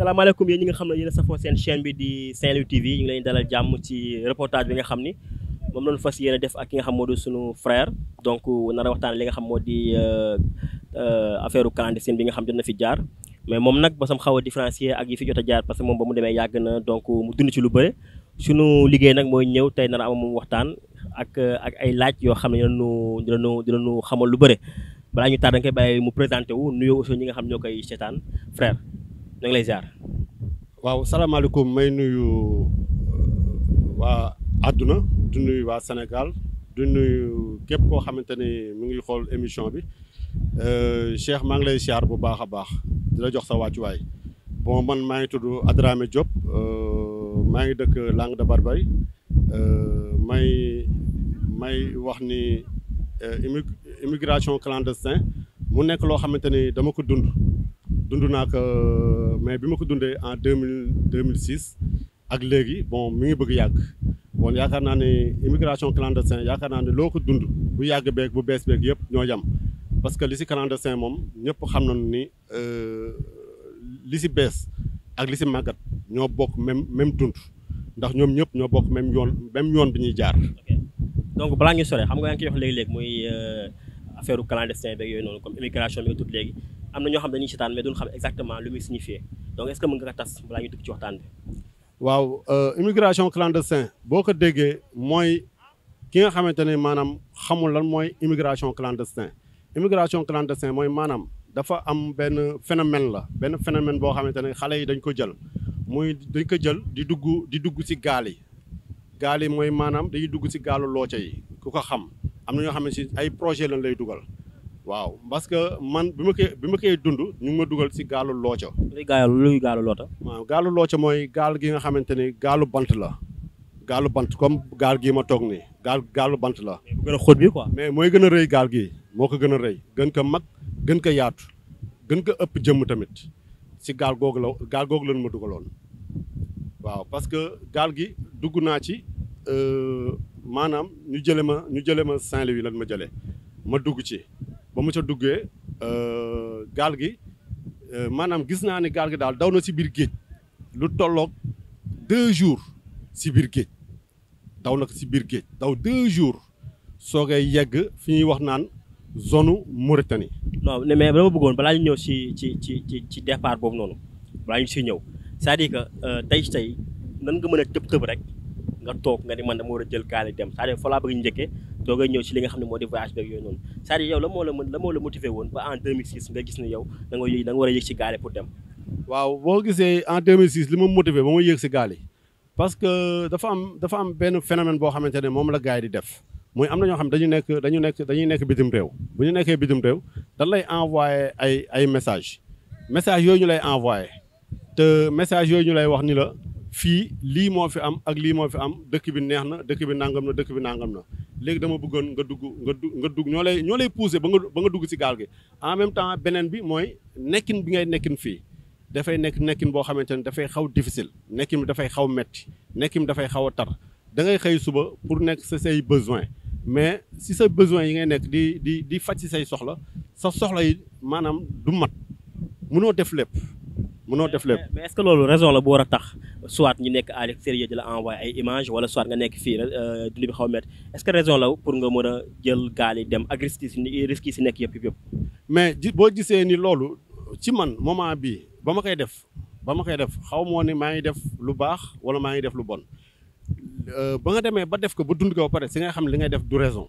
salaamaaleykum yéen ñi nga xam ne yéen a safoo seen chaîne bi di Saint-Louis TV ñu leen dalal jàmm ci reportage bi nga xam ni moom lañu fas yéene def ak ki nga xam moo di sunu frère donc nar waxtaan li nga xam moo di euh, euh, affaire u bi nga xam jot na fi jaar mais moom nag basam xaw a différencier ak yi fi jot a jaar parce que moom ba mu demee yàgg na donc mu dund si lu bëri sunu liggéey nag mooy ñëw tey nar a am waxtaan ak ak ay laaj yoo xam ne dinañu dinañu dinañu xamal lu bëri balaa ñu taar dañ mu présenté wu nuyoo ñi nga xam ñoo koy seetaan frère ñu ngi lay waaw salaamaaleykum may nuyu uh, waa àdduna du nuyu waa Sénégal du nuyu képp koo xamante ni mu ngi xool émission bi uh, Cheikh maa ngi lay ziar bu baax a baax di la jox sa wàccuwaay bon man maa ngi tudd Adramé Diop uh, maa ngi dëkk Langue de Barbarie may may wax ni immigration clandestin mu nekk loo xamante ni dama ko dund. dundu naa ko euh, mais bi ma ko dundee en deux mille deux mille six ak léegi bon mi ngi bëgg yàgg bon yaakaar naa ne immigration clandestin yaakaar naa ne loo ko dund bu yàgg beeg bu bees beeg yëpp ñoo yam parce que li si clandestin moom ñëpp xam nañu ni euh, li si bees ak li si màggat ñoo bokk même même dund ndax ñoom ñëpp ñoo bokk même yoon même yoon bi ñuy jaar. donc balaa ngi sore xam nga yaa ngi koy léegi léeg muy euh, affaire clandestin beeg yooyu noonu comme immigration bi léegi. am na ñoo xam dañuy seetaan mais duñ xam exactement lu muy signifier donc est-ce que mën nga ko tas balaa ñu dugg ci waxtaan bi. waaw euh, immigration clandestin boo ko déggee mooy ki nga xamante ne maanaam xamul lan mooy immigration clandestin immigration clandestin mooy maanaam dafa am benn phénomène la benn phénomène boo xamante ne xale yi dañ ko jël mooy dañ ko jël di dugg di dugg ci gaal yi gaal yi mooy maanaam dañuy dugg ci gaalu looca yi ku ko xam am na ñoo xam ne ay projet lañ lay dugal. waaw parce que man bi ma koy bi ma koy dund ñu ma dugal si gaalu looco. luy gaalu luy gaalu loota. waaw mooy gaal gi nga xamante ni gaalu bant la. gaalu bant comme gaal gii ma toog ni gaal gaalu bant la. bu gën a mais mooy gën a rëy gaal gi moo ko gën a rëy gën ko mag gën ko yaatu gën ko ëpp jëmm tamit si gaal googu la gaal googu lañ ma dugaloon. waaw parce que gaal gi dugg naa ci euh, maanaam ñu jële ma ñu jële ma Saint-Louis lan ma jële ma dugg ci ba ma ca duggee euh, gaal gi euh, maanaam gis naa ni gaal gi daal daw na si biir géej lu tolloog deux jours si biir géej daw na si biir géej daw deux jours soogay yegg fi ñuy wax naan zone Mauritanie. ne mais dama bëggoon balaa ñu ñëw si ci ci ci ci départ boobu noonu balaa ñu si ñëw cest di dire euh, tey tey nan nga mën a tëb tëb rek nga toog nga ni man dama war a jël gaal dem c'est-à-dire fa laa bëgg njëkkee. doogay ñëw ci li nga xam ne moo di voyage beeg yooyu noonu c'est-à-dire la moo la moo la motivé woon ba en 2006 nga gis ne yow da war a yëg ci gaale pour dem waaw boo gisee en 2006 li ma motivé ba ma yëg ci gaale parce que dafa am dafa am benn phénomène boo xamante ne moom la gars di def mooy am na ñoo xam dañu nekk dañu nekk dañuy nekk bitim réew bu ñu nekkee bitim réew dañ lay envoyé ay ay message message yooyu ñu lay envoyé te message yooyu ñu lay wax ni la fii lii moo fi am ak lii moo fi am dëkk bi neex na dëkk bi nangam na dëkk bi nangam na léegi dama buggoon nga dugg nga dugg nga dugg ñoo lay ñoo lay pousser ba nga ba nga dugg si gaal gi en même temps beneen bi mooy nekkin bi ngay nekkin fii dafay nekk nekkin boo xamante ne dafay xaw difficile nekkin bi dafay xaw metti nekkin bi dafay xaw a tar da xëy suba pour nekk sa say besoin mais si sa besoin yi ngay nekk di di di faj si say soxla sa soxla yi maanaam du mat mënoo def lépp def mais est-ce que loolu raison la bu war tax soit ñu nekk à l'extérieur di la envoyer ay image wala soit nga nekk fii euh, dund bi xaw est-ce que raison la pour nga mën a jël yi dem ak risque risque si nekk yëpp yëpp. mais bon boo ni lolo ci man moment bii ba ma koy def ba ma koy def xaw moo ni maa ngi def lu baax wala maa ngi def lu bon euh, ba nga demee ba def ko ba dund ko ba si nga xam li def du raison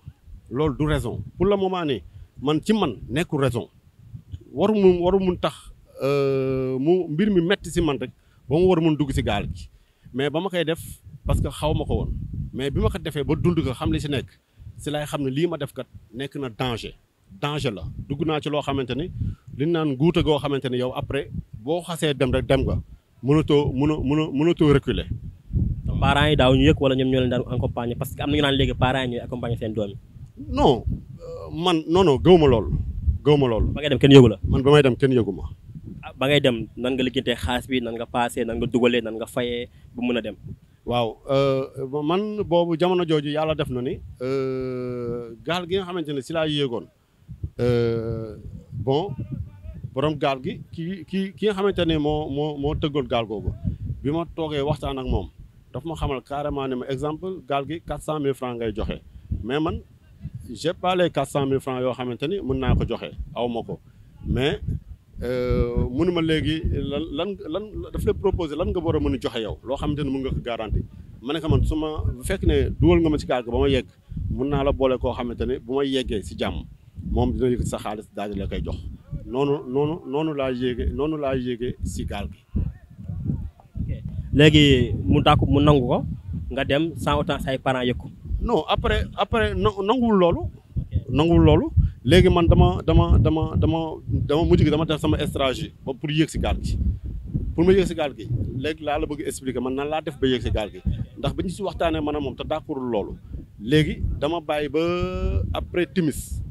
loolu du raison pour le moment ni man ci man nekkul raison waru warum waru tax. Euh, mu mbir mi metti si man rek ba mu war a dugg si gaal gi mais ba ma kay def parce que xaw ma ko woon mais bi ma ko defee ba dund ko xam li si nekk si lay xam ne lii ma def kat nekk na danger danger la dugg naa ci loo xamante ni li ñu naan guuta goo xamante ni yow après boo xasee dem rek dem nga mënatoo mëna mëna mënatoo reculer parents yi daaw ñu yëg wala ñoom ñoo leen daan accompagner parce que am na ñu naan léegi parents yi ñooy accompagner seen doom yi non euh, man non non gëw ma lool gëw ma lool. ba ngay dem kenn la man may dem kenn yëgu ma ba ngay dem nan nga liggéeyantee xaalis bi nan nga paasee nan nga dugalee nan nga fayee bu mën a dem. waaw euh, man boobu jamono jooju yàlla def na ni euh, gaal gi nga xamante ne si laa yéegoon euh, bon borom gaal gi ki ki ki nga xamante ne moo moo moo tëggoon gaal googu bi ma toogee waxtaan ak moom daf ma xamal carrément ne ma exemple gaal gi cent mille francs ngay joxe mais man j'ai pas cent mille francs yoo xamante ni mën naa ko joxe aw ma ko mais Euh, mënuma léegi lan lan lan daf proposé lan nga war a mën a joxe yow loo xamante ne mun nga ko garanti ma ne ko man su ma bu fekk ne duwal nga ma si gaal ba ma yegg mun naa la boole koo xamante ne bu ma yeggee si jàmm moom dina yëkkati sa xaalis daal di koy jox noonu noonu noonu laa yéege noonu laa yéege ci gaal gi. léegi mu dàkku mu nangu ko nga dem sans autant say parents yëg ko. non après après nanguwul loolu. nanguwul loolu. léegi man dama dama dama dama dama mujj gi dama def sama stratégie ba pour yéeg si gaal gi pour ma yéeg si gaal gi léegi laa la bëgg expliquer man nan laa def ba yéeg si gaal gi ndax ba ñu si waxtaanee man a moom te d'accordul loolu léegi dama bàyyi ba après timis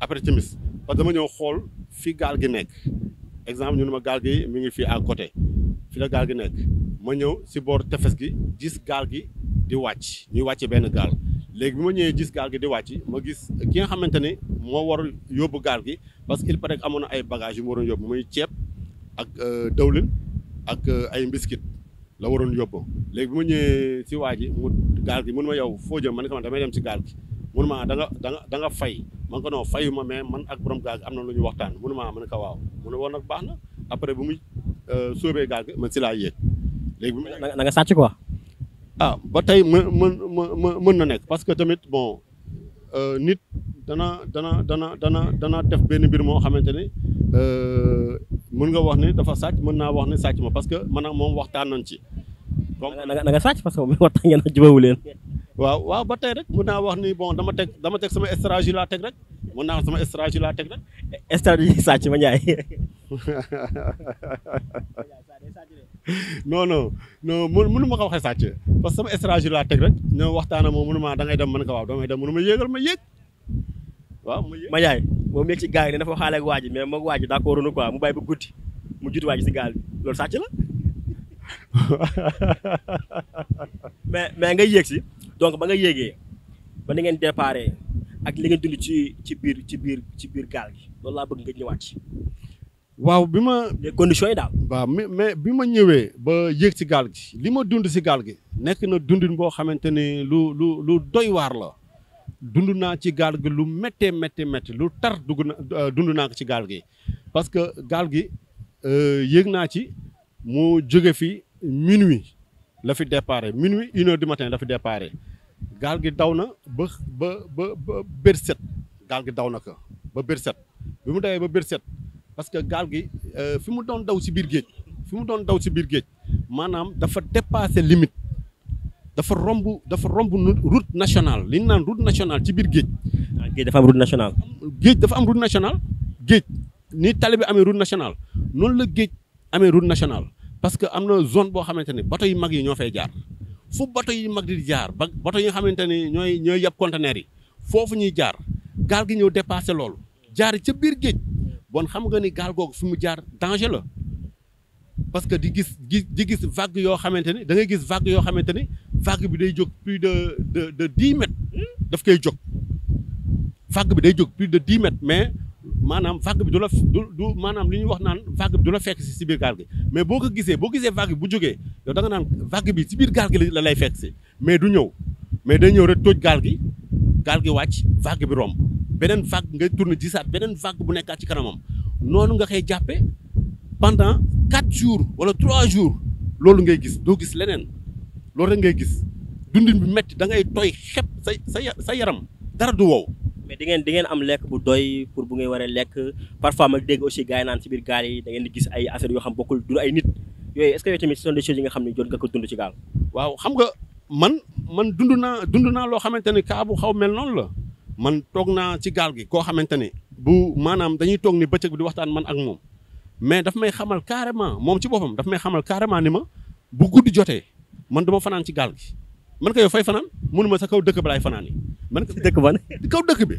après timis parce que dama ñëw xool fii gaal gi nekk exemple ñu ne ma gaal gi mi ngi fii à côté fii la gaal gi nekk ma ñëw si boor tefes gi gis gaal gi di wàcc ñuy wàcce benn gaal léegi bi ma ñëwee gis gaal gi di wàcc ma gis ki nga xamante ne moo war yóbbu gaal gi parce que il paraît que amoon na ay bagages yu mu waroon yóbbu muy ceeb ak euh, dawlin ak euh, ay mbiskit la waroon yóbbu léegi bi ma ñëwee si waa ji mu gaal gi mun ma yow foo jëm ma ne ko man damay dem si gaal gi mun ma da nga fay man ko non fayu ma mais man ak borom gaal gi am na lu ñu waxtaan mun ma ma ne ko waaw mun woon nag baax na après bu muy euh, sóobee gaal gi man si laa yéeg léegi. na nga sàcc quoi. ah ba tey mën mën mën na nekk parce que tamit bon euh, nit dana dana dana dana dana def benn mbir moo xamante ni euh, mën nga wax ni dafa sàcc mën naa wax ni sàcc ma parce que man naa moom waxtaan nañ ci. comme na nga sàcc parce que moom waxtaan leen. waaw waaw ba tey rek naa wax ni bon dama teg dama teg sama stratégie laa teg rek mën naa sama stratégie laa teg rek. stratégie sàcc ma Ndiaye. non non non mënu ma xaw waxee sàcc parce que sama stratégie laa teg rek ñoo waxtaana moom mënu ma da dem man ko waaw damay dem mënu ma yéegal ma yéeg waaw ma yaay moom nekk ci gaal yi ne dafa waxaale ak waa ji mais moom waaj ji d'accord nu ko mu bàyyi ba guddi mu jiitu waa si gaal loolu sàcc la mais mais nga yéeg si donc ba nga yéegee ba ni ngeen déparé ak li ngeen dund ci ci biir ci biir ci biir gaal gi loolu laa bëgg nga ñëwaat waaw bi ma. les conditions waaw mais mais bi ma ñëwee ba yéeg si gaal gi li ma dund si gaal gi. nekk na dundin boo xamante ne lu lu lu doy waar la. dund naa ci gaal gi lu méttee méttee métti lu tar dugg na euh, dund naa ko ci gaal gi parce que gaal gi euh, yéeg naa ci mu jóge fi minuit la fi déparé minuit une heure du matin la fi déparé gaal gi daw na ba ba ba ba bër set gaal gi daw na ko ba bër set bi mu dawee ba bër set parce que gaal gi euh, fi mu doon daw ci bir géej fimu mu daw ci bir géej manam dafa dépasser limite dafa rombu, dafa rombu route nationale li nane route nationale ci bir géej. Ah, géej dafa am route nationale. géej dafa am route nationale géej ni tali am route nationale Non la géej am route nationale parce que am zone bo xamanteni ne bato yu mag yi ñoo fay jaar fu bato yi mag di jaar ba bato yi xamanteni ñoy ñoy ñooy yab conteneur yi fofu ñuy jaar gaal gi ñëw dépassé jaar ci bir géej. bon xam nga ni gaal googu fi mu jaar danger la parce que di gis di gis vague yoo xamante ni da ngay gis vague yoo xamante ni vague bi day jóg plus de de de daf koy jóg vague bi day jóg plus de dix mètres mais maanaam vague bi du la du maanaam li ñuy wax naan vague bi du la fekk si si biir gaal gi mais boo ko gisee boo gisee vague bu jógee yow da naan vague bi si biir gaal gi la lay fekk si mais du ñëw mais day ñëw rek tóoj gaal gi gaal gi wàcc vague bi romb beneen vague ngay tourner gisaat beneen vague bu nekkaat ci kanamam noonu nga koy jàppe pendant quatre jours wala trois jours loolu ngay gis doo gis leneen loolu rek ngay gis dundu bi metti da ngay tooy xep sa sa sa yaram dara du wow mais di ngeen di ngeen am lekk bu doy pour bu ngay waree lekk parfois ma dégg aussi gars yi naan ci biir gaal yi da ngeen di gis ay affaire yoo xam bokkul du ay nit yooyu est-ce tamit ce sont des choses nga xam ne jot nga ko dund ci gaal waaw xam nga man man dund naa dund naa loo xamante ne kaa bu xaw mel noonu la man toog naa ci gaal gi koo xamante ne bu maanaam dañuy toog ni bëccëg bi di waxtaan man ak moom mais daf may xamal carrément moom si boppam daf may xamal carrément ni ma bu guddi jotee man duma fanaan ci gaal gi man ka yow fay fanaan mënuma sa kaw dëkk ba laay fanaan yi man ko dëkk ba kaw dëkk bi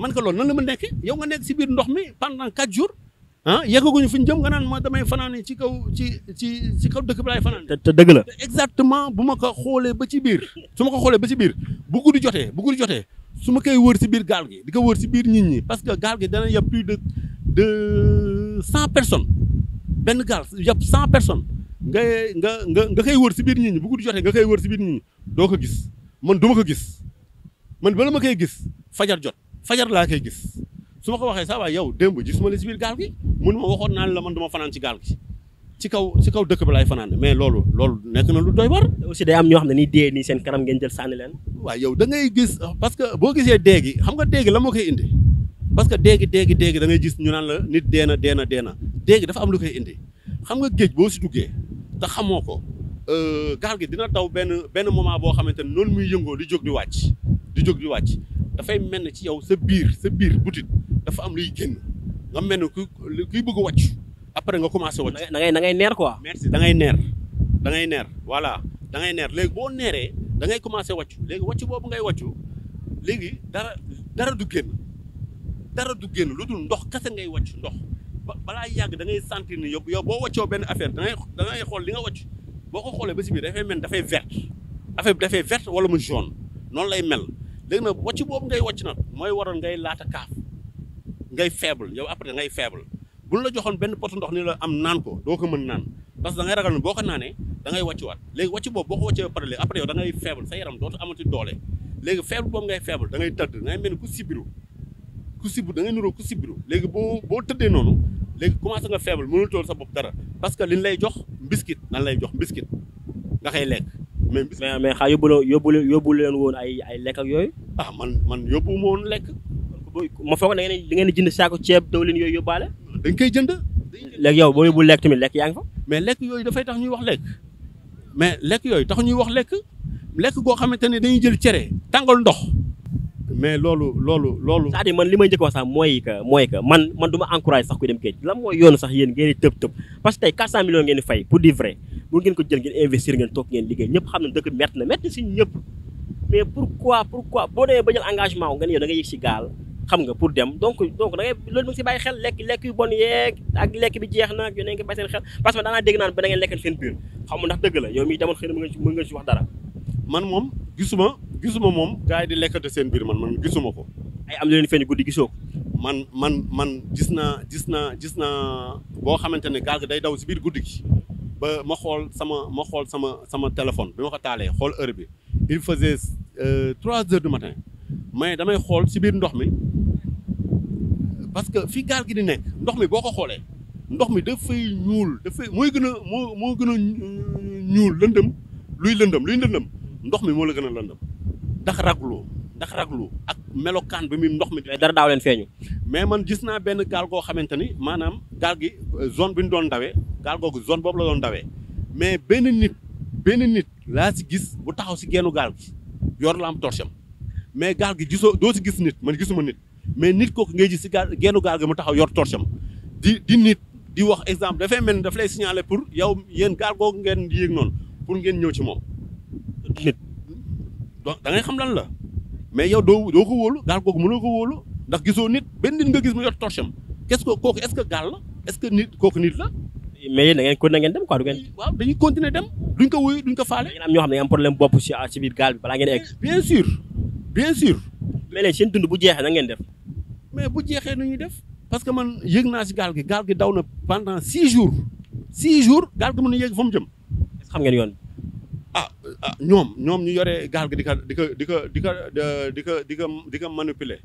man ko loolu nan la ma nekke yow nga nekk si biir ndox mi pendant quatre jours ah yeggaguñu fi ñu jëm nga naan ma damay fanaan ci kaw ci ci ci kaw dëkk bi laay fanaan te dëgg la exactement bu ma ko xoolee ba ci biir su ma ko xoolee ba ci biir bu guddi jotee bu guddi jotee suma kay wër ci bir gal gi di wër ci bir nit ñi parce que gal gi dana ya plus de de person, personnes ben gal yab 100 personnes nga nga nga nga kay wër ci bir nit ñi bu ko jotee nga kay wër ci bir nit ñi do ko gis man duma ko gis man bala ma kay gis fajar jot fajar la kay gis suma ko waxe sa waay yow démb gis ma la ci bir gal gi mun ma waxoon la man duma ma ci gal gi ci kaw ci kaw dëkk bi laay fanaan mais loolu loolu nekk na lu doy war. aussi day am ñoo xam ne ni dee nii seen kanam ngeen jël sànni leen. waaw yow da ngay gis parce que boo gisee déegi gi xam nga dee la moo koy indi parce que dee gi dee da ngay gis ñu naan la nit dee na dee na dee na dee dafa am lu koy indi xam nga géej boo si duggee te xamoo ko euh, gaal gi dina daw benn benn moment boo xamante ne loolu muy yëngoo di jóg di wàcc di jóg di wàcc dafay mel ne ci yow sa biir sa biir butit dafa am luy génn nga mel ne kuy kuy bëgg après nga commencé wàcc. da ngay da ngay neer quoi. merci da neer da ngay neer voilà da neer léegi boo neeree dangay ngay commencé wàcc léegi wàcc boobu ngay wàccu léegi dara dara du génn dara du lu dul ndox kese ngay wàcc ndox balaa yàgg da ngay sentir ni yow yow boo wàccoo benn affaire dangay ngay da xool li nga wàcc boo ko xoolee ba si biir dafay mel dafay verte affaire bi verte wala mu jaune noonu lay mel léegi nag wàcc boobu ngay wàcc nag mooy waroon ngay laata kaaf ngay faible yow après da ngay faible. buñ la joxoon benn pot ndox ni la am naan ko doo ko mën naan parce que da ragal ne boo ko naanee da ngay wàccuwaat léegi wàcc boobu boo ko wàccee ba pare léegi après yow da ngay faible sa yaram dootu amati doole léegi faible boobu ngay faible da ngay tëdd da ngay ku sibiru ku sibiru da ngay ku sibiru léegi boo boo tëddee noonu léegi commencé nga faible mënul tool sa bopp dara parce que liñ lay jox mbiskit lan lay jox mbiskit nga koy lekk mais mais xaa yóbbu yóbbul yóbbu leen woon ay ay lekk ak yooyu ah man man yóbbu ma woon lekk ma foog na ngeen di ngeen di jënd saako ceeb dawlin yooyu yóbbaale dañ koy jënd. léegi yow boo bu lekk tamit lekk yaa ngi fa. mais lekk yooyu dafay tax ñuy wax lekk mais lekk yooyu tax ñuy wax lekk lekk goo xamante ne dañuy jël cere tàngal ndox. mais loolu loolu loolu. c'est-à-dire man li may njëkk wax sax mooy que mooy que man man du sax ku dem géej lan mooy yoonu sax yéen ngeen di tëb tëb parce que tey 400 millions ngeen di fay pour di vrai bu ngeen ko jël ngeen investir ngeen toog ngeen liggéey ñëpp xam ne dëkk métti na métti si ñëpp mais pourquoi pourquoi boo demee ba engagement wu nga ne xam nga pour dem donc donc da ngay loolu mu ngi si bàyyi xel lekk lekk yu bon yeeg ak lekk bi jeex na ak yu ne nga bàyyi xel parce que daanaa dégg naan ba da ngeen lekkal seen biir xam nga ndax la yow mi demoon xëy nga si wax dara man moom gisuma gisuma moom gars yi di lekkante seen biir man man gisuma ko ay am leen feeñ guddi gisoo ko man man man gis naa gis naa gis naa boo xamante ne gaal day daw si biir guddi ba ma xool sama ma xool sama sama téléphone bi ma ko taalee xool heure bi il faisait euh, trois heures du matin mais damay xool si biir ndox mi parce que fi gaal gi di nekk ndox mi boo ko xoolee ndox mi dafay ñuul dafay mooy gën a moo moo gën a euh, ñuul lëndëm luy lëndëm luy lëndëm ndox mi moo la gën a lëndëm ndax ragloo ndax raglu ak melokaan bi muy ndox mi. dara daaw leen feeñu. mais man gis naa benn gaal goo xamante ni maanaam gaal gi euh, zone bi ñu doon dawee gaal googu zone boobu la doon dawee mais benn nit benn nit laa si gis bu taxaw si gennu gaal gi yor la am torche mais gaal gi gisoo doo si gis nit man gisuma nit. mais nit kooku ngay gis si gaal genn gaal ga mu taxaw yor torche am di di nit di wax exemple dafay mel ni daf lay signaler pour yow yéen gaal googu ngeen yéeg noonu pour ngeen ñëw ci moom nit donc da ngay xam lan la mais yow doo doo ko wóolu gaal googu mënoo ko wóolu ndax gisoo nit benn nit nga gis mu yor torche am qu'est-ce que kooku est-ce que gaal la est-ce que nit kooku nit la mais yéen da ngeen continuer ngeen dem quoi du ngeen waaw dañuy continuer dem duñ ko wuyu duñ ko faale ngeen mais les seen dund bu jeexee na ngeen def. mais bu jeexee nu ñuy def parce que man yëg naa si gaal gi pendant six jours six jours gaal mon mën na yëg fa mu xam ah non ah, non ñoom ñu yore gaal gi di ko di ko di ko manipuler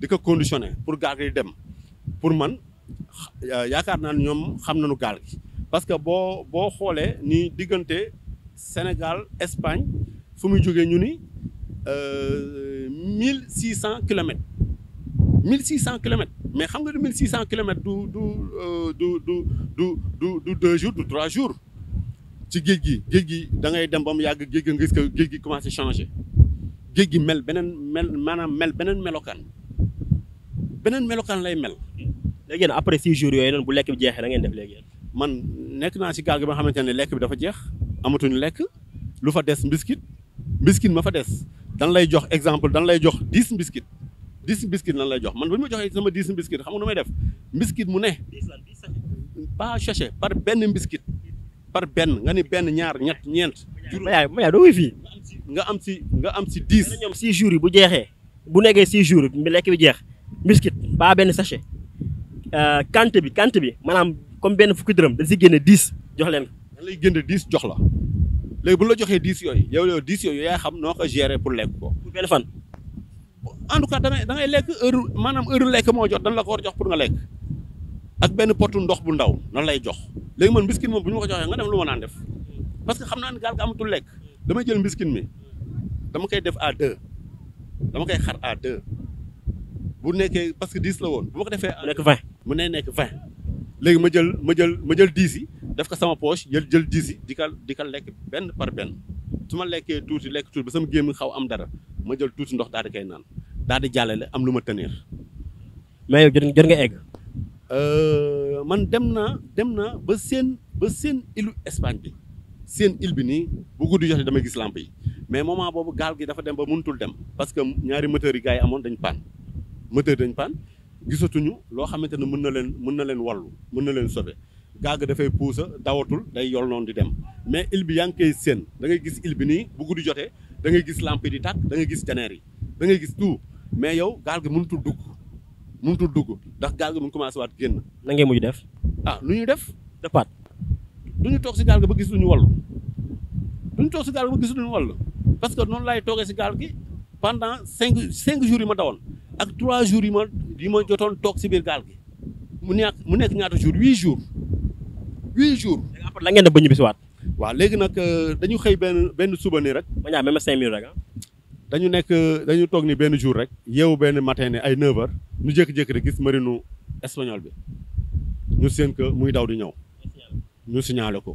di conditionner pour gaal dem pour man euh, yaakaar naa ne ñoom xam nañu gaal parce que boo boo xoolee ni digante Sénégal Espagne fu muy jógee 1600 km. 1600 km. mais quand nga 1600 km euh, du du du du du deux jours du trois jours ci géej gi géej gi da ngay dem tu que changé mel benen mel mel benen melokan, benen tu lay mel. après six jours tu bu bi da def man biscuit mbiskit ma fa des dan lay jox exemple dan lay jox dix mbiskit dix mbiskit lan lay jox man bu ñu ma joxee sama dix mbiskit xam nga nu def mbiskit mu ne pas sachet par benn mbiskit par benn nga ni benn ñaar ñett ñeent ma yaay doo wuy fii nga am si nga am si dix ñoom six jours yi bu jeexee bu nekkee six jour bi lekk bi jeex mbiskit pas benn sachet euh, quantité bi quantité bi maanaam comme benn fukki dërëm dañ si génne dix jox leen dan lay génne dix jox la léegi bu la joxee dix yooyu yow yow dix yooyu yaa xam noo ko gérer pour lekk ko pour benn fan en tout cas da ngay lekk heure maanaam heure lekk moo jot dan la ko war jox pour nga lekk ak benn potu ndox bu ndaw nan lay jox léegi man biskin moom bu ñu ma ko joxee nga dem lu ma naan def parce que xam naa ne gaal ga amatul lekk damay jël biskin mi dama koy def à deux dama koy xar à deux bu nekkee parce que dix la woon bu ma ko defee. nekk vingt mu ne nekk vingt léegi ma jël ma jël ma jël dix yi def ko sama poche jël jël disi di ka di ka lekk benn par benn su ma lekkee tuuti lekk tuuti ba sama gémmi xaw am dara ma jël tuuti ndox daal di koy naan daal di jàllale am lu ma tëneer. mais yow jot jot nga egg. Euh, man dem naa dem naa ba seen ba seen ilu Espagne bi seen il bi nii bu guddi jotee damay gis lamp yi mais moment boobu gaal gi dafa dem ba mënutul dem parce que ñaari moteur yi yi amoon dañ paan moteur dañ paan gisatuñu loo xamante ne mën na leen mën na leen wallu mën na leen sobe gaag dafay puusa dawatul day yol noonu di dem mais île bi yaa ngi séen da gis île bi nii bu guddi jotee da ngay gis lampe di tàkk da gis teneer yi da ngay gis tout mais yow gaal gi mënutul dugg mënutul dugg ndax gaal gi mu commencé waat génn. na ngeen mujj def. ah lu ñuy def départ du ñu si gaal ba gis lu ñu wallu du si gaal gi ba gis lu parce que noonu laay toogee si gaal gi pendant cinq cinq jours yi ma dawoon ak trois jours yi ma yi ma jotoon toog si biir gaal gi mu nekk mu nekk ñaata jour huit jours. huit jours. après la ngeen ba ñu bisiwaat waa waaw léegi nag euh, dañu xëy benn benn suba nii rek. ma ñaar même mille rek ah. dañu nekk dañu toog ni benn jour rek. yeewu benn matin ay 9h ñu jékki-jékki rek gis marinu espagnol bi ñu seen que muy daw di ñëw. ñu siñaale ko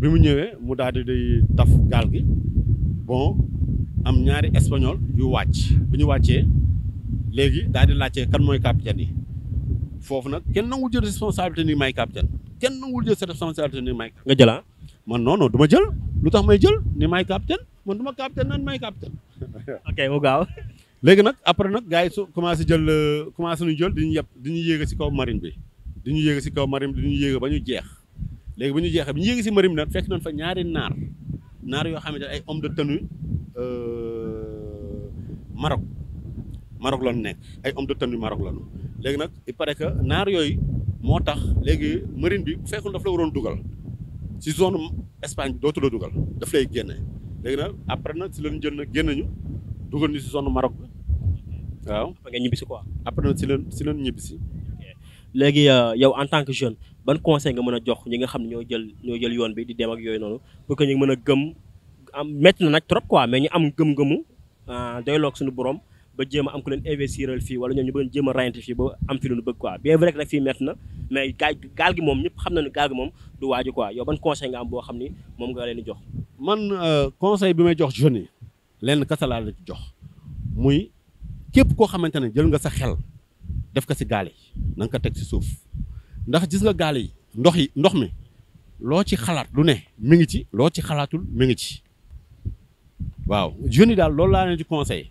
bi mu ñëwee mu daal di day taf gaal gi bon am ñaari espagnol yu wàcc bu ñu wàccee léegi daal di laajte kan mooy capitaine yi foofu nag kenn nangu jël responsabilité ni may capitaine. kenn nanguwul jël sa responsabilité ni may nga jël ah man non non jël lu tax may jël ni may capitaine man du ma capitaine nan may capitaine. ok mu gaaw. léegi nag après nag gars yi su commencé jël euh, commencé nañu jël di ñu yeb di si kaw marine bi di ñu yéeg si kaw marine bi di ñu yéeg ba ñu jeex léegi ba ñu jeexee bi ñu yéeg si marine bi nag fekk nañ fa ñaari naar naar yoo xamante ay homme euh, de tenue Maroc Maroc la ñu nekk ay homme de tenue Maroc la léegi nag il paraît que naar yooyu. moo tax léegi marine bi fekkul daf la waroon dugal ci zone Espagne bi dootu la dugal daf lay génne léegi nag après nag si lañ jël nag génn ñu dugal ñu si zone Maroc bi waaw. nga ñibbi si quoi. après nag si lañ si lañ ñibbi si. léegi euh, yow en tant que jeune ban conseil nga mën a jox ñi nga xam ne ñoo jël ñoo jël yoon bi di dem ak yooyu noonu pour que ñu mën a gëm am métti na nag trop quoi mais ñu am gëm-gëmu euh, doyloog suñu boroom ba jéem a am ku leen investiral fii wala ñoom ñu bëgg jéem a rayante fii ba am fi lu ñu bëgg quoi bien vrai que nag fii métti na mais gaal gaal gi moom ñëpp xam na ne gaal gi moom du waaju quoi yow ban conseil nga am boo xam ni moom nga leen di jox man euh, conseil bi may jox jeunes yi lenn kasa laa la jox muy képp koo xamante ne jël nga sa xel def ko si gaal yi na ko teg si suuf ndax gis nga gaal yi ndox yi ndox mi loo ci xalaat lu ne mi ngi ci loo ci xalaatul mi ngi ci waaw jeunes yi loolu laa leen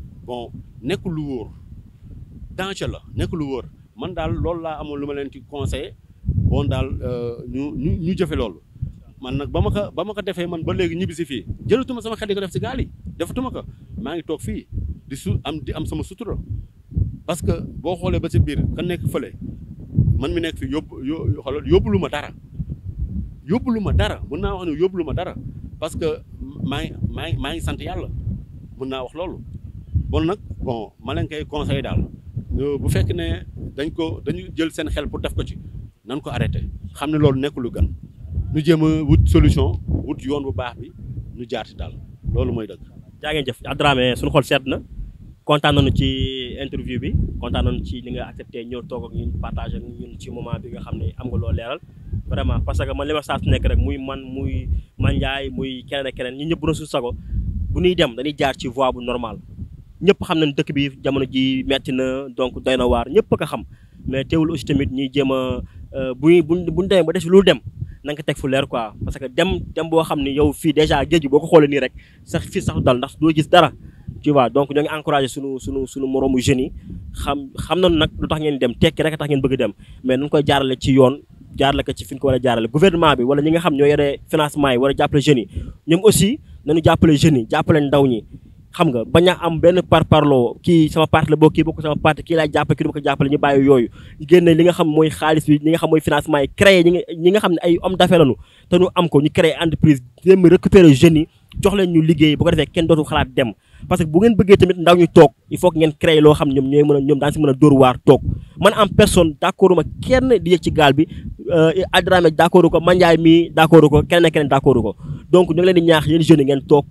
bon nekk lu wóor danger la nekk lu wóor man daal loolu laa amoon lu ma leen ci conseillé bon daal euh, ñu ñu ñu jëfe loolu man nag ba ma ka ba ma ko defee man ba léegi ñibbi si fii jëlatuma sama xel di ko def si gaal yi defatuma ko maa ngi toog fii di su am di am sama sutura parce que boo xoolee ba si biir ka nekk fële man mi nekk fii yóbbu lu ma dara yóbbu lu ma dara mën naa wax ne yóbbu lu ma dara parce que maa ngi maa ngi maa ngi sant yàlla mën naa wax loolu bon nag bon ma leen koy conseil daal bu fekk ne dañ ko dañu jël seen xel pour def ko ci nan ko arrêté xam ne loolu nekk lu gan ñu jéem a wut solution wut yoon bu baax bi jaar jaarti daal loolu mooy dëgg. jaa ngeen jëf Dramé suñu xol seet na kontaan nañu ci interview bi kontaan ci li nga accepté ñëw toog ak ñun partagé ñun ci moment bi nga xam ne am nga loo leeral vraiment parce que man li ma saa su nekk rek muy man muy man Ndiaye muy keneen ak keneen ñun ñëpp bu na su sago bu ñuy dem dañuy jaar ci voie bu normal ñëpp xam nañ dëkk bi jamono ji metti na donc doy na waar ñëpp ko xam mais teewul aussi tamit ñuy jéem a euh, bu bu buñ demee ba def lu dem na nga ko teg fu leer quoi parce que dem dem boo xam ne yow fii déjà géej bi boo ko xoolee nii rek sax fii sax dal ndax doo gis dara tu vois donc ñoo ngi encouragé sunu sunu sunu moroomu jeunes yi xam xam nañu nag lu tax ngeen dem tekki rek tax ngeen bëgg dem mais nañu koy jaarale ci yoon jaarale ko ci fi ñu ko war a jaarale bi wala ñi nga xam ñoo yore yi war jàppale jeunes yi ñoom aussi nañu jàppale jeunes yi jàppale ndaw ñi xam nga bañ am benn par parloo kii sama parti la boo kii bokk sama parti kii laay jàppale kii du ma ko jàppale ñu bàyyi yooyu génne li nga xam mooy xaalis bi li nga xam mooy financement yi créé ñi nga ñi nga xam ne ay homme d'affaires lañu te ñu am ko ñu créé entreprise dem récupérer jeunes jox leen ñu liggéey bu ko defee kenn dootu xalaat dem parce que bu ngeen bëggee tamit ndaw ñu toog il faut que ngeen créé loo xam ñoom ñooy mën a ñoom daan si a dóor waar toog man en euh, ko Mandiaye mii d'accord ko keneen keneen d'accord ko donc ñu ngi leen ñaax yéen ngeen toog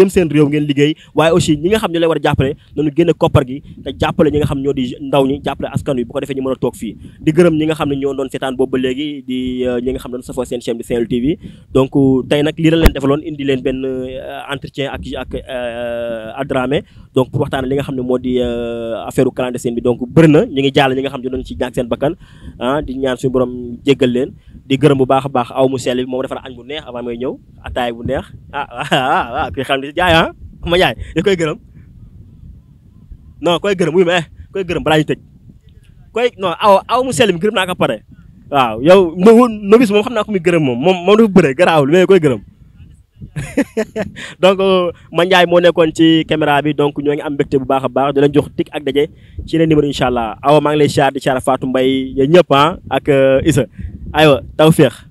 gëm seen réew ngeen liggéey waaye aussi ñi nga xam ne lay war a jàppale nañu génne koppar gi te jàppale ñi nga xam ne ñoo di ndaw ñi jàppale askan wi bu ko defee ñu mën a toog gërëm nga xam ne ñoo doon seetaan boobu ba léegi di euh, ñi nga xam ne doon safoo seen chaîne bi Saint-Louis TV donc tey nag lii la leen defaloon indi leen benn euh, entretien ak ak euh, Adramé donc pour waxtaan li nga xam ne moo di euh, affaire clandestine bi donc bëri na ñu ngi jàll ñi nga xam ne doon ci ñàkk seen bakkan ah di ñaan suñu borom jéggal leen di gërëm bu baax a baax aw mu sell bi moom defar añ bu neex avant may ñëw ataay bu neex ah ah, ah, ah, ah ma da koy gërëm non koy gërëm wuy ma eh, koy gërëm balaa ñu tëj aw aw mu bi gërëm naa ko pare waaw yow novice moom xam naa ko muy gërëm moom moom moom dafa garaaw garaawul mais koy gërëm donc euh, Mandiaye moo nekkoon ci caméra bi donc ñoo ngi am mbégte bu baax a baax di leen jox tik ak daje ci yeneen numéro incha allah awa maa ngi lay siyaar di siyaar Fatou Mbaye yéen ñëpp ah ak euh, isa aywa taw féex